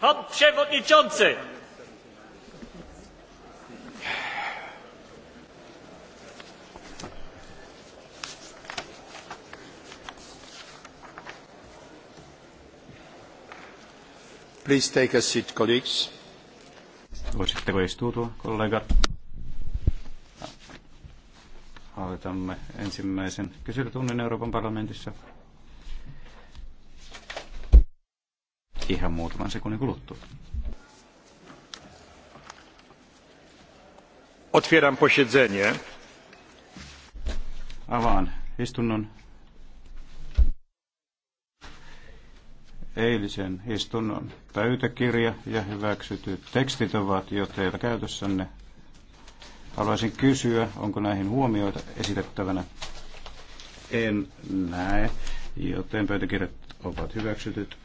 Pan przewodniczący! Please take a seat, colleagues. Voisitteko istua, kollegat? Aloitamme ensimmäisen kyselytunnin Euroopan parlamentissa. ihan muutaman sekunnin kuluttua. Otwieram posiedzenie. Avaan istunnon. Eilisen istunnon pöytäkirja ja hyväksytyt tekstit ovat jo teillä käytössänne. Haluaisin kysyä, onko näihin huomioita esitettävänä? En näe, joten pöytäkirjat ovat hyväksytyt.